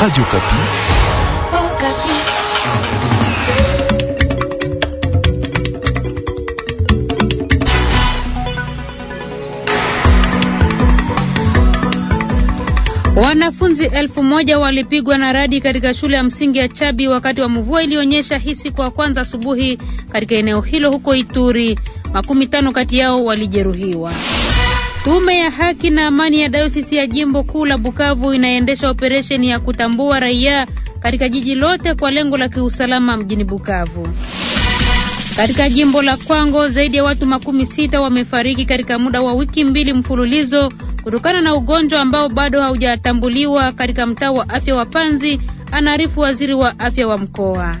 Radio Kapi. Oh, Kapi. Wanafunzi elfu moja walipigwa na radi katika shule ya msingi ya Chabi wakati wa mvua ilionyesha hii siku ya kwanza asubuhi katika eneo hilo huko Ituri. Makumi tano kati yao walijeruhiwa. Tume ya haki na amani ya dayosisi ya jimbo kuu la Bukavu inaendesha operesheni ya kutambua raia katika jiji lote kwa lengo la kiusalama mjini Bukavu. Katika jimbo la Kwango zaidi ya watu makumi sita wamefariki katika muda wa wiki mbili mfululizo kutokana na ugonjwa ambao bado haujatambuliwa katika mtaa wa afya wa Panzi, anaarifu waziri wa afya wa mkoa.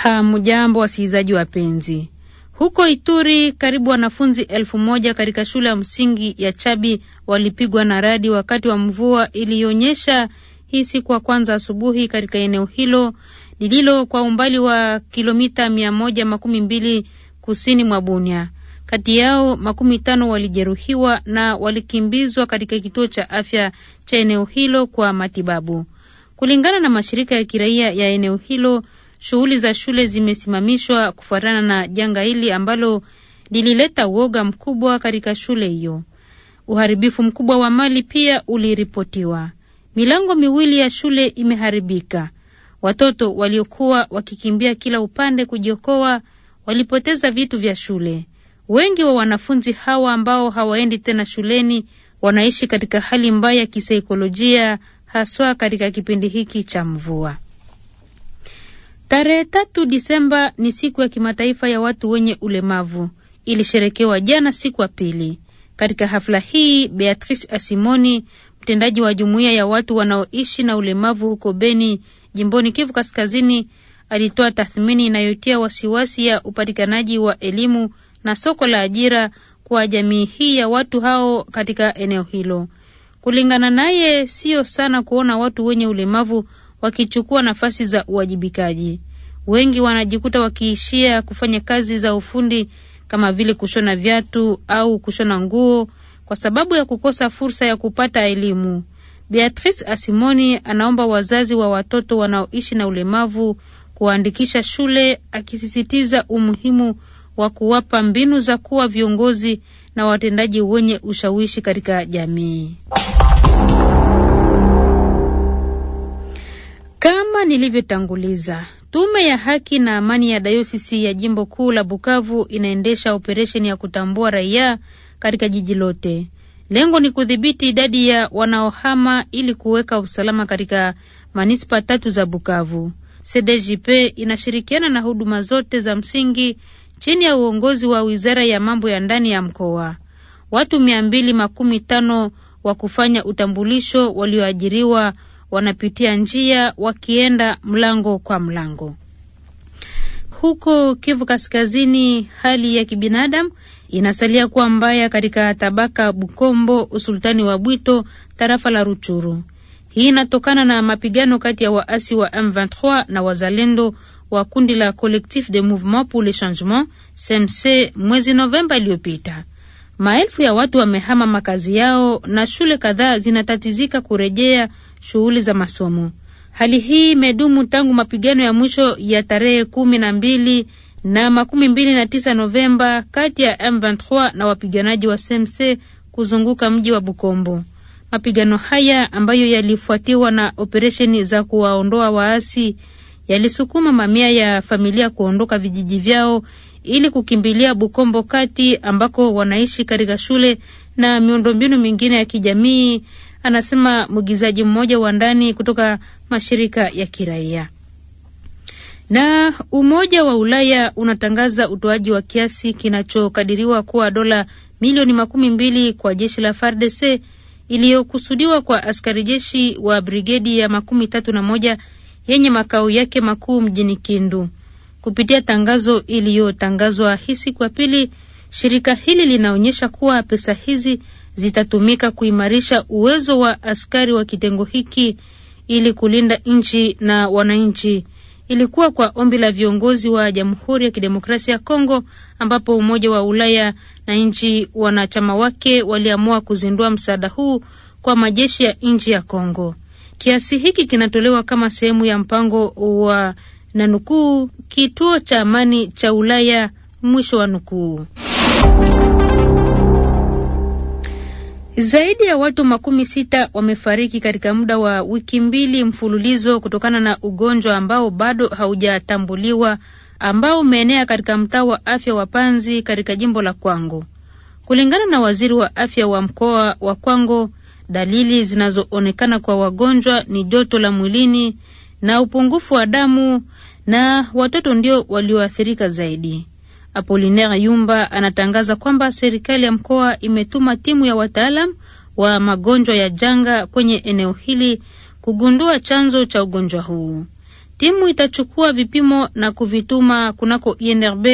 Hamjambo wasikilizaji wapenzi. Huko Ituri, karibu wanafunzi elfu moja katika shule ya msingi ya Chabi walipigwa na radi wakati wa mvua iliyonyesha hii siku ya kwanza asubuhi katika eneo hilo lililo kwa umbali wa kilomita mia moja makumi mbili kusini mwa Bunia. Kati yao makumi tano walijeruhiwa na walikimbizwa katika kituo cha afya cha eneo hilo kwa matibabu, kulingana na mashirika ya kiraia ya eneo hilo shughuli za shule zimesimamishwa kufuatana na janga hili ambalo lilileta uoga mkubwa katika shule hiyo. Uharibifu mkubwa wa mali pia uliripotiwa. Milango miwili ya shule imeharibika. Watoto waliokuwa wakikimbia kila upande kujiokoa walipoteza vitu vya shule. Wengi wa wanafunzi hawa ambao hawaendi tena shuleni wanaishi katika hali mbaya ya kisaikolojia, haswa katika kipindi hiki cha mvua. Tarehe tatu Disemba ni siku ya kimataifa ya watu wenye ulemavu. Ilisherekewa jana siku ya pili. Katika hafla hii, Beatrice Asimoni, mtendaji wa jumuiya ya watu wanaoishi na ulemavu huko Beni, jimboni Kivu Kaskazini, alitoa tathmini inayotia wasiwasi ya upatikanaji wa elimu na soko la ajira kwa jamii hii ya watu hao katika eneo hilo. Kulingana naye, sio sana kuona watu wenye ulemavu wakichukua nafasi za uwajibikaji. Wengi wanajikuta wakiishia kufanya kazi za ufundi kama vile kushona viatu au kushona nguo kwa sababu ya kukosa fursa ya kupata elimu. Beatrice Asimoni anaomba wazazi wa watoto wanaoishi na ulemavu kuwaandikisha shule, akisisitiza umuhimu wa kuwapa mbinu za kuwa viongozi na watendaji wenye ushawishi katika jamii. Kama nilivyotanguliza, tume ya haki na amani ya dayosisi ya jimbo kuu la Bukavu inaendesha operesheni ya kutambua raia katika jiji lote. Lengo ni kudhibiti idadi ya wanaohama ili kuweka usalama katika manispa tatu za Bukavu. CDJP inashirikiana na huduma zote za msingi chini ya uongozi wa wizara ya mambo ya ndani ya mkoa. Watu mia mbili makumi tano wa kufanya utambulisho walioajiriwa wanapitia njia wakienda mlango kwa mlango. Huko Kivu Kaskazini, hali ya kibinadamu inasalia kuwa mbaya katika tabaka Bukombo, usultani wa Bwito, tarafa la Ruchuru. Hii inatokana na mapigano kati ya waasi wa M23 na wazalendo wa kundi la Collectif de Mouvement pour le Changement, CMC, mwezi Novemba iliyopita. Maelfu ya watu wamehama makazi yao na shule kadhaa zinatatizika kurejea shughuli za masomo. Hali hii imedumu tangu mapigano ya mwisho ya tarehe kumi na mbili na makumi mbili na tisa Novemba kati ya M23 na wapiganaji wa SMC kuzunguka mji wa Bukombo. Mapigano haya ambayo yalifuatiwa na operesheni za kuwaondoa waasi yalisukuma mamia ya familia kuondoka vijiji vyao ili kukimbilia Bukombo kati ambako wanaishi katika shule na miundombinu mingine ya kijamii, anasema mwigizaji mmoja wa ndani kutoka mashirika ya kiraia. Na Umoja wa Ulaya unatangaza utoaji wa kiasi kinachokadiriwa kuwa dola milioni makumi mbili kwa jeshi la FARDC iliyokusudiwa kwa askari jeshi wa brigedi ya makumi tatu na moja yenye makao yake makuu mjini Kindu. Kupitia tangazo iliyotangazwa hii siku ya pili, shirika hili linaonyesha kuwa pesa hizi zitatumika kuimarisha uwezo wa askari wa kitengo hiki ili kulinda nchi na wananchi. Ilikuwa kwa ombi la viongozi wa Jamhuri ya Kidemokrasia ya Kongo, ambapo Umoja wa Ulaya na nchi wanachama wake waliamua kuzindua msaada huu kwa majeshi ya nchi ya Kongo. Kiasi hiki kinatolewa kama sehemu ya mpango wa na nukuu, kituo cha amani cha Ulaya, mwisho wa nukuu. Zaidi ya watu makumi sita wamefariki katika muda wa wiki mbili mfululizo kutokana na ugonjwa ambao bado haujatambuliwa ambao umeenea katika mtaa wa afya wa Panzi katika jimbo la Kwango. Kulingana na waziri wa afya wa mkoa wa Kwango, dalili zinazoonekana kwa wagonjwa ni joto la mwilini, na upungufu wa damu, na watoto ndio walioathirika zaidi. Apolinaire Yumba anatangaza kwamba serikali ya mkoa imetuma timu ya wataalam wa magonjwa ya janga kwenye eneo hili kugundua chanzo cha ugonjwa huu. Timu itachukua vipimo na kuvituma kunako INRB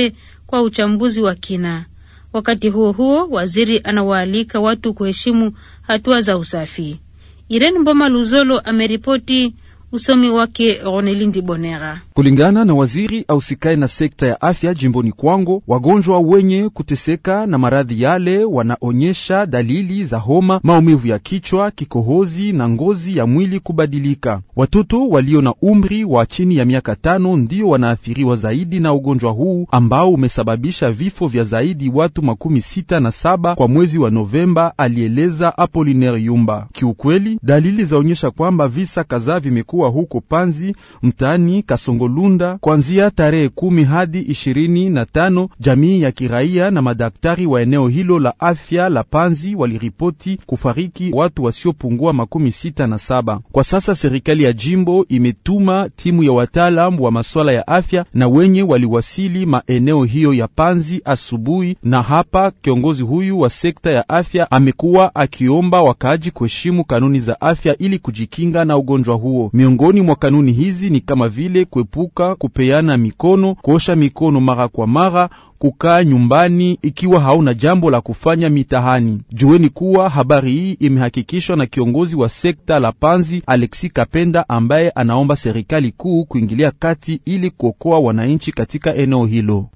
kwa uchambuzi wa kina. Wakati huo huo, waziri anawaalika watu kuheshimu hatua za usafi. Irene Mboma Luzolo ameripoti. Usomi wake Ronelindi Bonera. Kulingana na waziri ausikae na sekta ya afya jimboni Kwango, wagonjwa wenye kuteseka na maradhi yale wanaonyesha dalili za homa, maumivu ya kichwa, kikohozi na ngozi ya mwili kubadilika. Watoto walio na umri wa chini ya miaka tano ndio wanaathiriwa zaidi na ugonjwa huu ambao umesababisha vifo vya zaidi watu makumi sita na saba kwa mwezi wa Novemba, alieleza Apoliner Yumba. Kiukweli, dalili zaonyesha kwamba visa kadhaa vimekuwa huko Panzi mtaani Kasongo Kolunda kuanzia tarehe kumi hadi ishirini na tano. Jamii ya kiraia na madaktari wa eneo hilo la afya la Panzi waliripoti kufariki watu wasiopungua makumi sita na saba. Kwa sasa serikali ya jimbo imetuma timu ya wataalam wa masuala ya afya na wenye waliwasili maeneo hiyo ya Panzi asubuhi, na hapa kiongozi huyu wa sekta ya afya amekuwa akiomba wakaaji kuheshimu kanuni za afya ili kujikinga na ugonjwa huo. Miongoni mwa kanuni hizi ni kama vile kuepu kuepuka kupeana mikono, kuosha mikono mara kwa mara, kukaa nyumbani ikiwa hauna jambo la kufanya mitahani. Jueni kuwa habari hii imehakikishwa na kiongozi wa sekta la Panzi Alexi Kapenda, ambaye anaomba serikali kuu kuingilia kati ili kuokoa wananchi katika eneo hilo.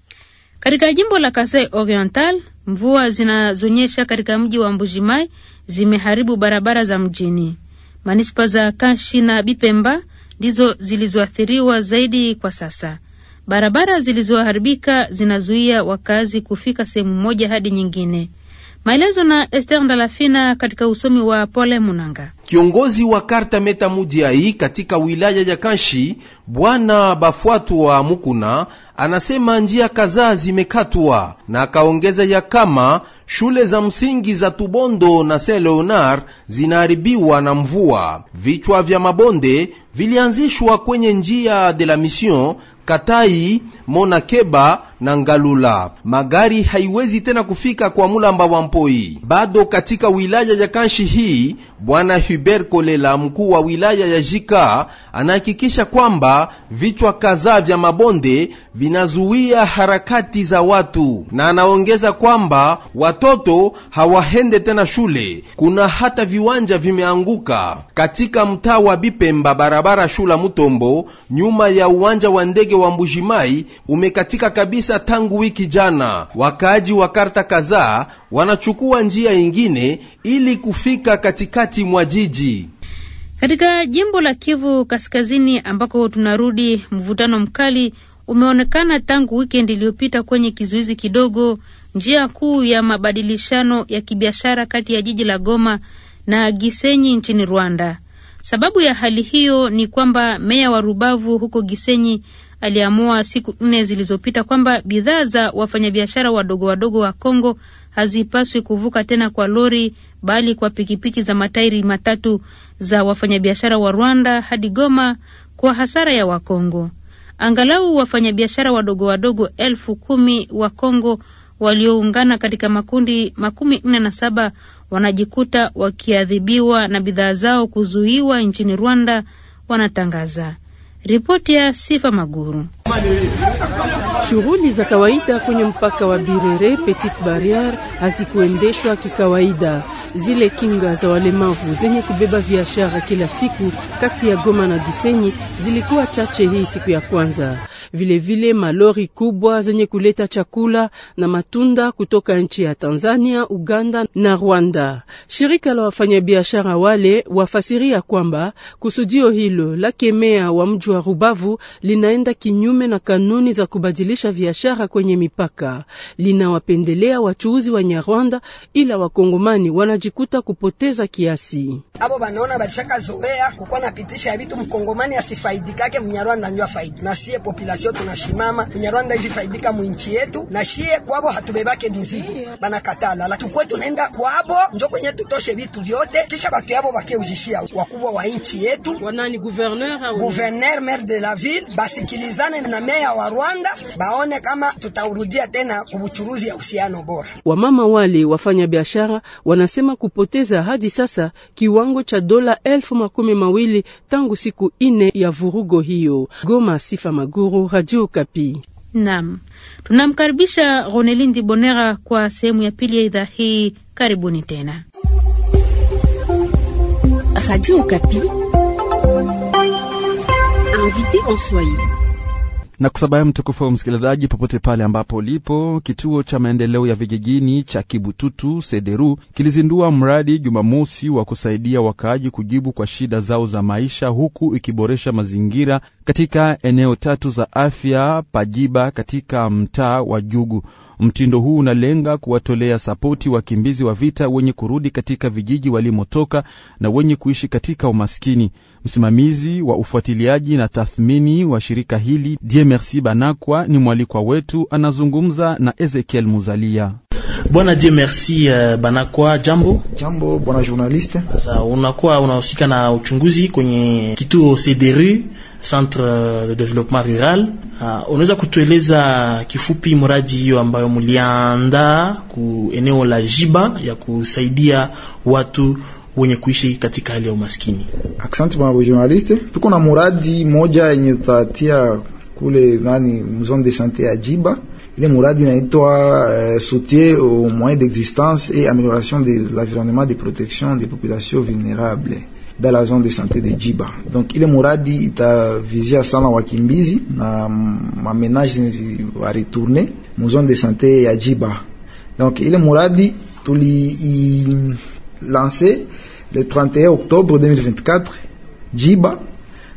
Katika jimbo la Kasai Oriental, mvua zinazonyesha katika mji wa Mbujimai zimeharibu barabara za mjini. Manispa za Kanshi na Bipemba ndizo zilizoathiriwa zaidi kwa sasa. Barabara zilizoharibika zinazuia wakazi kufika sehemu moja hadi nyingine. Maelezo na Esther Ndalafina katika usomi wa Pole Munanga. Kiongozi wa Karta Meta Mujiai katika wilaya ya Kanshi, Bwana Bafuatu wa Mukuna anasema njia kadhaa zimekatwa, na akaongeza ya kama shule za msingi za Tubondo na Saint Leonard zinaharibiwa na mvua. Vichwa vya mabonde vilianzishwa kwenye njia de la Mission, Katai, Monakeba na Ngalula. Magari haiwezi tena kufika kwa Mulamba wa Mpoi. Bado katika wilaya ya Kanshi hii, Bwana Hubert Kolela, mkuu wa wilaya ya Jika, anahakikisha kwamba vichwa kadhaa vya mabonde vinazuia harakati za watu, na anaongeza kwamba watoto hawahende tena shule. Kuna hata viwanja vimeanguka katika mtaa wa Bipemba bara barabara Shula Mutombo nyuma ya uwanja wa ndege wa Mbujimai umekatika kabisa tangu wiki jana. Wakaaji wa karta kadhaa wanachukua njia ingine ili kufika katikati mwa jiji. Katika jimbo la Kivu Kaskazini ambako tunarudi, mvutano mkali umeonekana tangu wikendi iliyopita kwenye kizuizi kidogo, njia kuu ya mabadilishano ya kibiashara kati ya jiji la Goma na Gisenyi nchini Rwanda. Sababu ya hali hiyo ni kwamba meya wa Rubavu huko Gisenyi aliamua siku nne zilizopita kwamba bidhaa za wafanyabiashara wadogo wadogo wa Kongo hazipaswi kuvuka tena kwa lori bali kwa pikipiki za matairi matatu za wafanyabiashara wa Rwanda hadi Goma kwa hasara ya Wakongo. Angalau wafanyabiashara wadogo wadogo elfu kumi wa Kongo walioungana katika makundi makumi nne na saba wanajikuta wakiadhibiwa na bidhaa zao kuzuiwa nchini Rwanda, wanatangaza. Ripoti ya Sifa Maguru. Shughuli za kawaida kwenye mpaka wa Birere Petit Barriere hazikuendeshwa kikawaida. Zile kinga za walemavu zenye kubeba biashara kila siku kati ya Goma na Gisenyi zilikuwa chache hii siku ya kwanza vilevile vile malori kubwa zenye kuleta chakula na matunda kutoka nchi ya Tanzania, Uganda na Rwanda. Shirika la wafanyabiashara wale wafasiria kwamba kusudio hilo la kemea wa mji wa Rubavu linaenda kinyume na kanuni za kubadilisha biashara kwenye mipaka, linawapendelea wachuuzi wa Nyarwanda, ila wakongomani wanajikuta kupoteza kiasi. Abo banaona balishakazoea kukuwa napitisha vitu, mkongomani asifaidikake, mnyarwanda ndio afaidi na sio tunashimama, Mnyarwanda hivi faidika mwinchi yetu, na shie kwabo hatubebake mizigo, banakatala la tukwe, tunaenda kwabo njo kwenye tutoshe vitu vyote, kisha batu yabo bakeujishia wakubwa wa nchi yetu wanani, gouverneur gouverneur, maire de la ville, basikilizane na meya wa Rwanda, baone kama tutaurudia tena kubuchuruzi ya uhusiano bora. Wamama wale wafanya biashara wanasema kupoteza hadi sasa kiwango cha dola elfu makumi mawili tangu siku ine ya vurugo hiyo. Goma, Sifa Maguru. Radio Kapi. Naam, tunamkaribisha Ronelindi Bonera kwa sehemu ya pili ya idhaa hii. Karibuni tena. Radio Kapi. Invité en Swahili na kusabaya mtukufu wa msikilizaji, popote pale ambapo ulipo. Kituo cha maendeleo ya vijijini cha Kibututu Sederu kilizindua mradi Jumamosi wa kusaidia wakaaji kujibu kwa shida zao za maisha, huku ikiboresha mazingira katika eneo tatu za afya Pajiba katika mtaa wa Jugu. Mtindo huu unalenga kuwatolea sapoti wakimbizi wa vita wenye kurudi katika vijiji walimotoka na wenye kuishi katika umaskini. Msimamizi wa ufuatiliaji na tathmini wa shirika hili Die Merci Banakwa ni mwalikwa wetu, anazungumza na Ezekiel Muzalia. Bwana Die Merci uh, Banakwa, jambo jambo bwana journaliste. Sasa unakuwa unahusika na uchunguzi kwenye kituo CDRU centre euh, de développement rural. Uh, unaweza kutueleza kifupi mradi hiyo ambayo mliandaa ku eneo la Jiba ya kusaidia watu wenye kuishi katika hali ya umaskini? Asante bwana journaliste, tuko na muradi moja yenye tutatia kule nani zone de sante ya Jiba ile muradi inaitwa euh, soutien au moyen d'existence et amélioration de l'environnement de protection des populations vulnérables dans la zone de santé de Djiba. Donc ile muradi itavizia sana wakimbizi na mamenage retourner, mu zone de santé à Djiba. Donc ile muradi tuli lancé le 31 octobre 2024 Djiba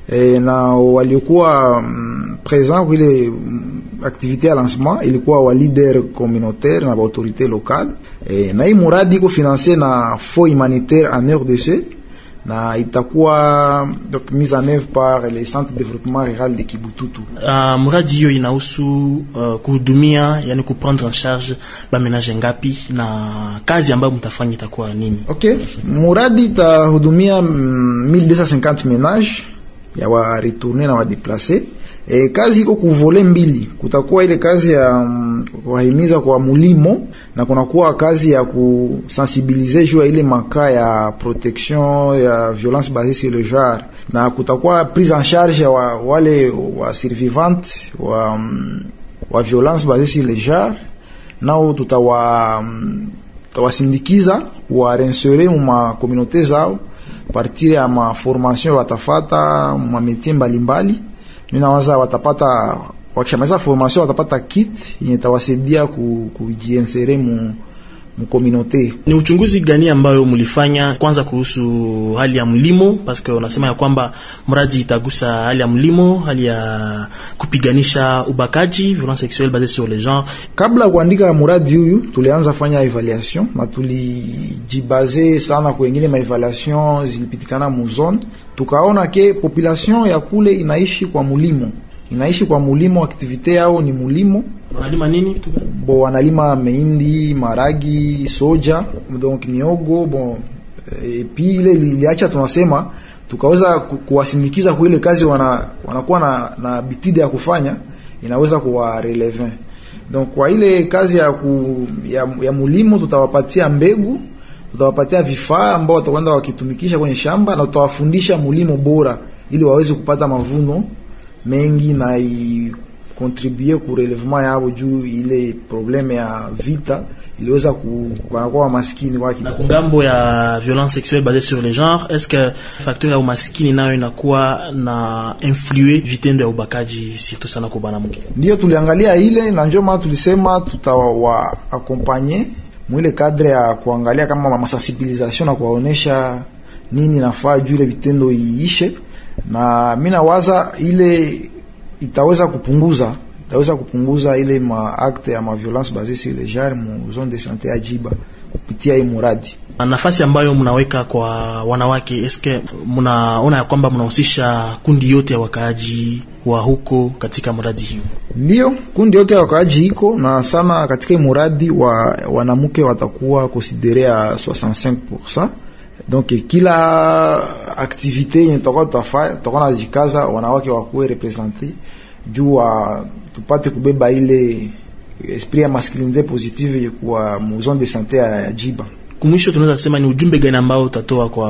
e, na waliokuwa hum, présent les hum, activité ya lancement ilikuwa wa hum, leader communautaire na autorité locale e, na hii muradi iko na Fonds humanitaire en RDC na itakuwa donc mise en œuvre par les centres de développement rural de Kibututu. Uh, ah, mradi hiyo inahusu uh, kuhudumia yani kuprendre en charge bamenage ngapi na kazi ambayo mtafanya itakuwa nini? Okay, muradi itahudumia 1250 mm, ménages ya wa retourner na wa déplacer E, kazi iko kuvole mbili, kutakuwa ile kazi ya mm, kuwahimiza kwa mulimo na kunakuwa kazi ya kusensibilize juu ya ile makaa ya protection ya violence basée sur le genre, na kutakuwa prise en charge ya wa, wale wa survivante wa, mm, wa violence basée sur le genre, nao tutawa mm, tutawasindikiza kuwarensere mu communauté zao partir ya maformation watafata ma mametie mbalimbali ninawaza watapata wakishamaliza formation watapata kit yenye tawasaidia kujiinsere mu mkominote. Ni uchunguzi gani ambayo mlifanya kwanza kuhusu hali ya mlimo? Paske unasema ya kwamba mradi itagusa hali ya mlimo, hali ya kupiganisha ubakaji, violence sexuelle basée sur le genre. Kabla kuandika mradi huyu, tulianza fanya evaluation na tulijibase sana kwengine ma evaluation zilipitikana mu zone, tukaona ke population ya kule inaishi kwa mlimo inaishi kwa mulimo wa aktivite yao ni mulimo. Wanalima nini? Bo wanalima mahindi, maragi, soja, donc miogo bo e, pi ile liliacha tunasema tukaweza kuwasindikiza kwa ile kazi wana, wanakuwa na, na bitide ya kufanya inaweza kuwa relevant. Donc kwa ile kazi ya, ku, ya, ya mulimo tutawapatia mbegu, tutawapatia vifaa ambao watakwenda wakitumikisha kwenye shamba na tutawafundisha mulimo bora ili waweze kupata mavuno mengi na ikontribue kurelevema yabo juu ile probleme ya vita iliweza kuwanakuwa wamaskini waki. Na kungambo ya violence sexuelle basée sur le genre, est-ce que facteur ya umaskini nayo inakuwa na influe vitendo ya ubakaji surtout sana kwa banamuke? Ndio tuliangalia ile na njoo maana tulisema tutawa akompanye mwile kadre ya kuangalia kama masensibilisation na kuwaonesha nini nafaa juu ile vitendo iishe na mi nawaza ile itaweza kupunguza itaweza kupunguza ile maakte ya maviolence violence sur les mu zone de sante ya Jiba kupitia hii muradi. Nafasi ambayo mnaweka kwa wanawake, eske mnaona ya kwamba mnahusisha kundi yote ya wakaaji wa huko katika muradi hiyo? Ndio, kundi yote ya wakaaji iko na sana katika hii muradi wa, wanamke watakuwa ya 65% Donc kila activity yenye tutakuwa tutafanya tutakuwa najikaza wanawake wakuwe represente juu tupate kubeba ile esprit ya masculinite positive kwa muzone de sante ya Jiba. Kumwisho, tunaweza sema ni ujumbe gani ambao utatoa kwa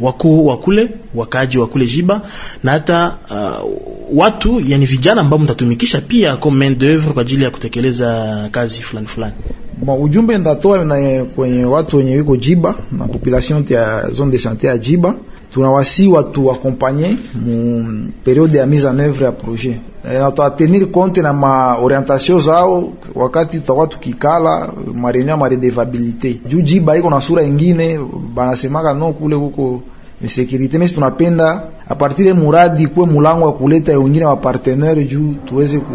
wakuu wa kule wakaaji wa kule Jiba na hata uh, watu yani vijana ambao mtatumikisha pia comme main d'oeuvre kwa ajili ya kutekeleza kazi fulani fulani? Bon, ujumbe ndatoa na kwenye watu wenye wiko Jiba na population ya zone de santé ya Jiba, tunawasi watu wakompanye mu periode ya mise en oeuvre ya projet e, eh, natoa tenir compte na orientation zao wakati tutakuwa tukikala marenia maredevabilite juu Jiba iko na sura ingine, banasemaka no kule kuko insekurite mesi, tunapenda apartire muradi kuwe mulango wa kuleta wengine wa partenaire juu tuweze ku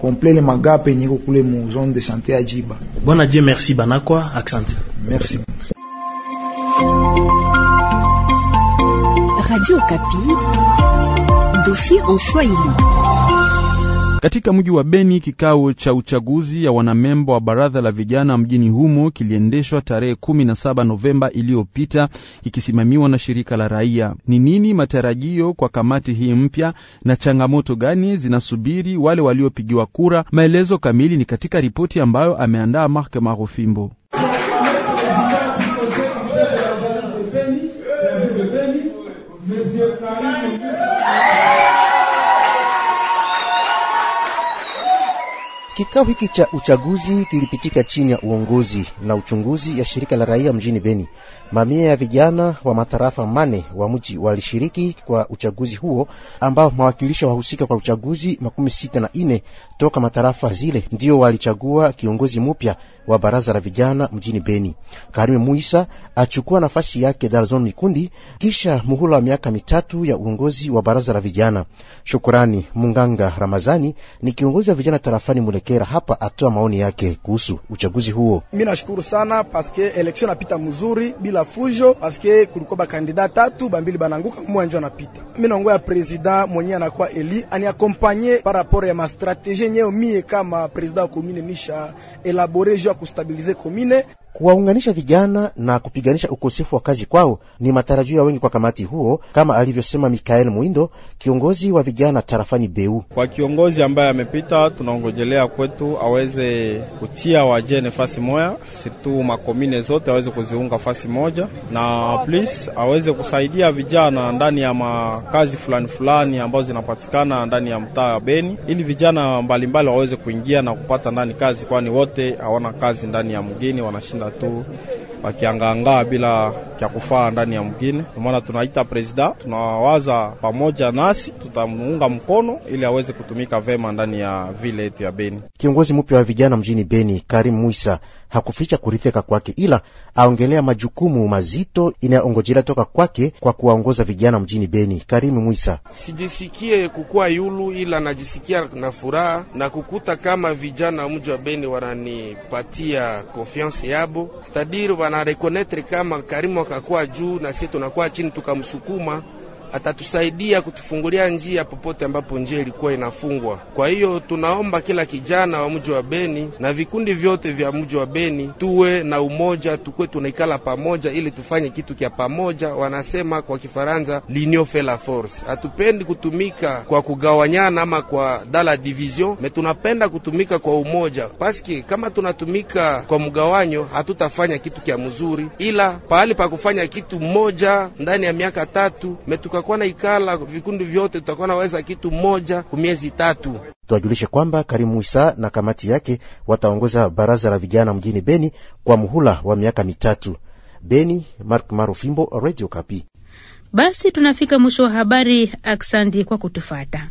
complet magape yenye iko kule mu zone de santé à Jiba. Bonne Dieu merci banakwa, accent. Merci. Radio Kapi, dossier en Swahili. Katika mji wa Beni, kikao cha uchaguzi ya wanamemba wa baraza la vijana mjini humo kiliendeshwa tarehe 17 Novemba iliyopita, ikisimamiwa na shirika la raia. Ni nini matarajio kwa kamati hii mpya na changamoto gani zinasubiri wale waliopigiwa kura? Maelezo kamili ni katika ripoti ambayo ameandaa Mark Marofimbo. Kikao hiki cha uchaguzi kilipitika chini ya uongozi na uchunguzi ya shirika la raia mjini Beni. Mamia ya vijana wa matarafa mane wa mji walishiriki kwa uchaguzi huo, ambao mawakilisha wahusika kwa uchaguzi makumi sita na ine toka matarafa zile ndio walichagua kiongozi mupya wa baraza la vijana mjini Beni. Karime Muisa achukua nafasi yake Darzon Mikundi kisha muhula wa miaka mitatu ya uongozi wa baraza la vijana. Shukurani Munganga Ramazani ni kiongozi wa vijana tarafani Muleke Kera hapa atoa maoni yake kuhusu uchaguzi huo. Mimi nashukuru sana paske election napita mzuri bila fujo, paske kulikuwa bakandida tatu bambili bananguka mwanja anapita. Mimi ya president mwenye anakuwa eli ani akompanye par rapport ya ma strategie nyeo, mie kama president wa komine misha elabore juu ya kustabilize komine kuwaunganisha vijana na kupiganisha ukosefu wa kazi kwao ni matarajio ya wengi kwa kamati huo, kama alivyosema Mikael Muindo, kiongozi wa vijana tarafani Beu. Kwa kiongozi ambaye amepita, tunaongojelea kwetu aweze kutia waje nafasi moya, situ makomine zote aweze kuziunga fasi moja, na plis aweze kusaidia vijana ndani ya makazi fulani fulani ambazo zinapatikana ndani ya mtaa wa Beni, ili vijana mbalimbali waweze kuingia na kupata ndani kazi, kwani wote hawana kazi ndani ya mgini, wanashinda تو wakiangaangaa bila cha kufaa ndani ya mgine. Kwa maana tunaita president, tunawaza pamoja nasi, tutamuunga mkono ili aweze kutumika vema ndani ya vile yetu ya Beni. Kiongozi mpya wa vijana mjini Beni, Karim Mwisa, hakuficha kuritheka kwake, ila aongelea majukumu mazito inayoongojela toka kwake kwa kuwaongoza vijana mjini Beni. Karim Mwisa: sijisikie kukuwa yulu, ila najisikia na furaha na kukuta kama vijana mji wa Beni wananipatia konfiansi yabo stadiri wa anarekonetre kama karimu akakuwa juu na sie tunakuwa chini, tukamsukuma atatusaidia kutufungulia njia popote ambapo njia ilikuwa inafungwa. Kwa hiyo tunaomba kila kijana wa mji wa Beni na vikundi vyote vya mji wa Beni tuwe na umoja, tukuwe tunaikala pamoja ili tufanye kitu kya pamoja. Wanasema kwa Kifaransa l'union fait la force. Hatupendi kutumika kwa kugawanyana ama kwa dala division, me tunapenda kutumika kwa umoja, paski kama tunatumika kwa mgawanyo hatutafanya kitu kya mzuri, ila pahali pa kufanya kitu mmoja ndani ya miaka tatu metuka tutakuwa na ikala vikundi vyote, tutakuwa naweza kitu moja kwa miezi tatu. Tuwajulishe kwamba Karimu Isa na kamati yake wataongoza baraza la vijana mjini Beni kwa muhula wa miaka mitatu. Beni, Mark Marufimbo, Radio Kapi. Basi tunafika mwisho wa habari. Aksandi kwa kutufata.